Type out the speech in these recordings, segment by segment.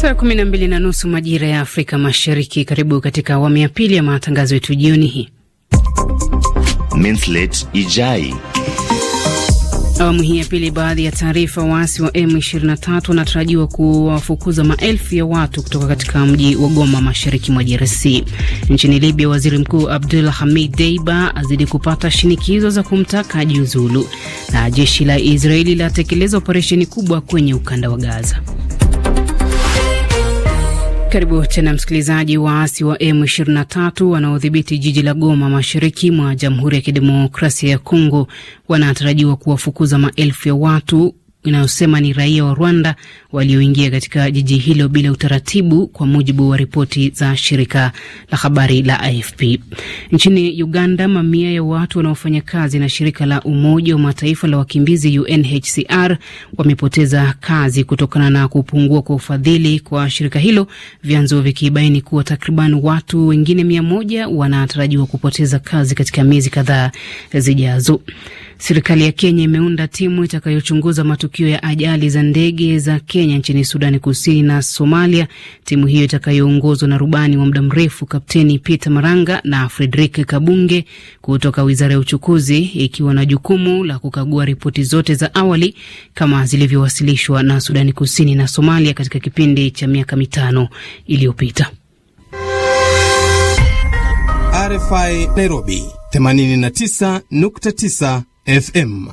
Saa kumi na mbili na nusu majira ya Afrika Mashariki. Karibu katika awamu ya pili ya matangazo yetu jioni hii. Ijai. Awamu hii ya pili, baadhi ya taarifa. Waasi wa M23 wanatarajiwa kuwafukuza maelfu ya watu kutoka katika mji wa Goma, mashariki mwa DRC. Nchini Libya, waziri mkuu Abdul Hamid Deiba azidi kupata shinikizo za kumtaka ajiuzulu, na jeshi la Israeli latekeleza operesheni kubwa kwenye ukanda wa Gaza. Karibu tena msikilizaji. Waasi wa M23 wanaodhibiti jiji la Goma, mashariki mwa Jamhuri ya Kidemokrasia ya Kongo, wanatarajiwa kuwafukuza maelfu ya watu inayosema ni raia wa Rwanda walioingia katika jiji hilo bila utaratibu, kwa mujibu wa ripoti za shirika la habari la AFP. Nchini Uganda, mamia ya watu wanaofanya kazi na shirika la Umoja wa Mataifa la wakimbizi UNHCR wamepoteza kazi kutokana na kupungua kwa ufadhili kwa shirika hilo, vyanzo vikibaini kuwa takriban watu wengine mia moja wanatarajiwa kupoteza kazi katika miezi kadhaa zijazo. Serikali ya Kenya imeunda timu itakayochunguza matukio ya ajali za ndege za Kenya nchini Sudani Kusini na Somalia. Timu hiyo itakayoongozwa na rubani wa muda mrefu Kapteni Peter Maranga na fredrik Kabunge kutoka Wizara ya Uchukuzi, ikiwa na jukumu la kukagua ripoti zote za awali kama zilivyowasilishwa na Sudani Kusini na Somalia katika kipindi cha miaka mitano iliyopita. RFI Nairobi 89.9 FM.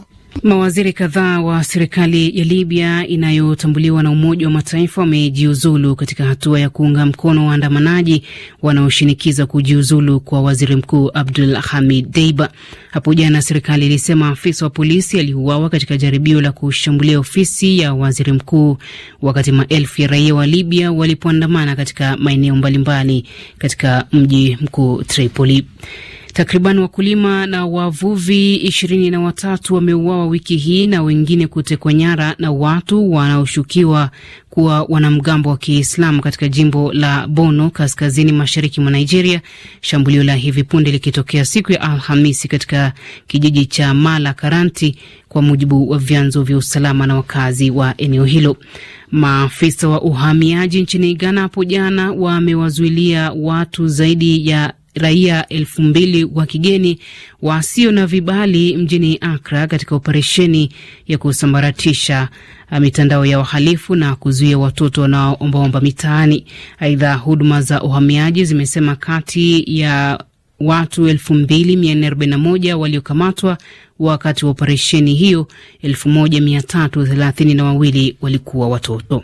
Mawaziri kadhaa wa serikali ya Libya inayotambuliwa na Umoja wa Mataifa wamejiuzulu katika hatua ya kuunga mkono waandamanaji wanaoshinikiza kujiuzulu kwa waziri mkuu Abdul Hamid Deiba. Hapo jana serikali ilisema afisa wa polisi aliuawa katika jaribio la kushambulia ofisi ya waziri mkuu, wakati maelfu ya raia wa Libya walipoandamana katika maeneo mbalimbali katika mji mkuu Tripoli. Takriban wakulima na wavuvi ishirini na watatu wameuawa wiki hii na wengine kutekwa nyara na watu wanaoshukiwa kuwa wanamgambo wa Kiislamu katika jimbo la bono kaskazini mashariki mwa Nigeria, shambulio la hivi punde likitokea siku ya Alhamisi katika kijiji cha Mala Karanti, kwa mujibu wa vyanzo vya usalama na wakazi wa eneo hilo. Maafisa wa uhamiaji nchini Ghana hapo jana wamewazuilia watu zaidi ya raia elfu mbili wa kigeni wasio na vibali mjini Akra katika operesheni ya kusambaratisha uh, mitandao ya wahalifu na kuzuia watoto wanaoombaomba mitaani. Aidha, huduma za uhamiaji zimesema kati ya watu 2441 waliokamatwa wakati wa operesheni hiyo, 1332 walikuwa watoto.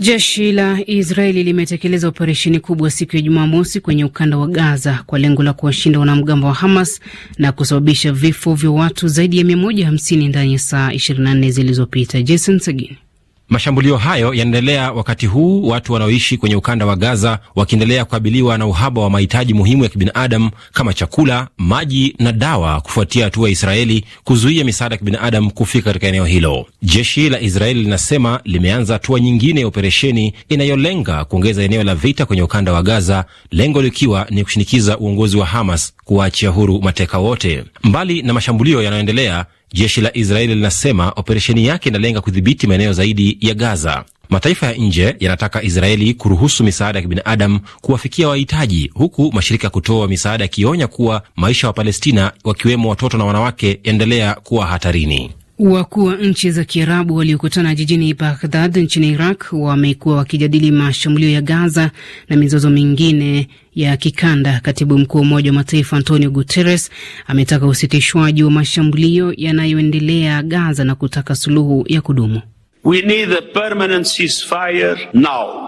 Jeshi la Israeli limetekeleza operesheni kubwa siku ya Jumamosi kwenye ukanda wa Gaza kwa lengo la kuwashinda wanamgambo wa Hamas na kusababisha vifo vya watu zaidi ya 150 ndani ya saa 24 zilizopita. Jason Sagini. Mashambulio hayo yanaendelea wakati huu watu wanaoishi kwenye ukanda wa Gaza wakiendelea kukabiliwa na uhaba wa mahitaji muhimu ya kibinadamu kama chakula, maji na dawa, kufuatia hatua ya Israeli kuzuia misaada ya kibinadamu kufika katika eneo hilo. Jeshi la Israeli linasema limeanza hatua nyingine ya operesheni inayolenga kuongeza eneo la vita kwenye ukanda wa Gaza, lengo likiwa ni kushinikiza uongozi wa Hamas kuwaachia huru mateka wote. Mbali na mashambulio yanayoendelea Jeshi la Israeli linasema operesheni yake inalenga kudhibiti maeneo zaidi ya Gaza. Mataifa ya nje yanataka Israeli kuruhusu misaada ya kibinadamu kuwafikia wahitaji, huku mashirika ya kutoa misaada yakionya kuwa maisha wa Palestina, wakiwemo watoto na wanawake, yaendelea kuwa hatarini. Wakuu wa nchi za Kiarabu waliokutana jijini Baghdad nchini Iraq wamekuwa wakijadili mashambulio ya Gaza na mizozo mingine ya kikanda. Katibu mkuu wa Umoja wa Mataifa Antonio Guterres ametaka usitishwaji wa mashambulio yanayoendelea Gaza na kutaka suluhu ya kudumu. We need a permanent ceasefire now.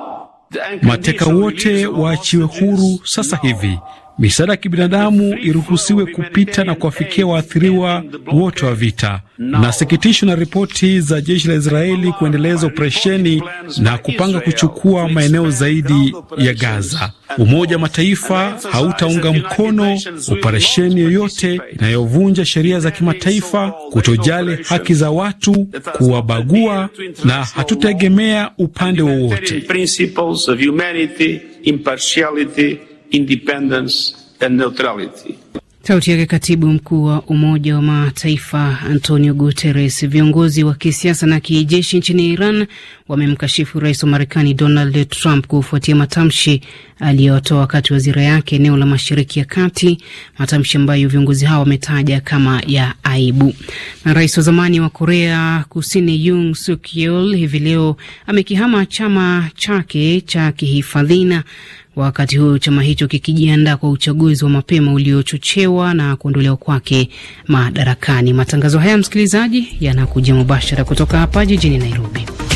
Mateka wote waachiwe huru sasa hivi Misaada ya kibinadamu iruhusiwe kupita na kuwafikia waathiriwa wote wa vita. Nasikitishwa na ripoti za jeshi la Israeli kuendeleza operesheni na kupanga kuchukua maeneo zaidi ya Gaza. Umoja wa Mataifa hautaunga mkono operesheni yoyote inayovunja sheria za kimataifa, kutojali haki za watu, kuwabagua, na hatutaegemea upande wowote independence and neutrality. Sauti yake katibu mkuu wa Umoja wa Mataifa Antonio Guterres. Viongozi wa kisiasa na kijeshi nchini Iran wamemkashifu rais wa Marekani Donald Trump kufuatia matamshi aliyotoa wakati wa ziara yake eneo la Mashariki ya Kati, matamshi ambayo viongozi hao wametaja kama ya aibu. Na rais wa zamani wa Korea Kusini Yoon Suk Yeol hivi leo amekihama chama chake cha kihifadhina wakati huo chama hicho kikijiandaa kwa uchaguzi wa mapema uliochochewa na kuondolewa kwake madarakani. Matangazo haya msikilizaji, yanakuja mubashara kutoka hapa jijini Nairobi.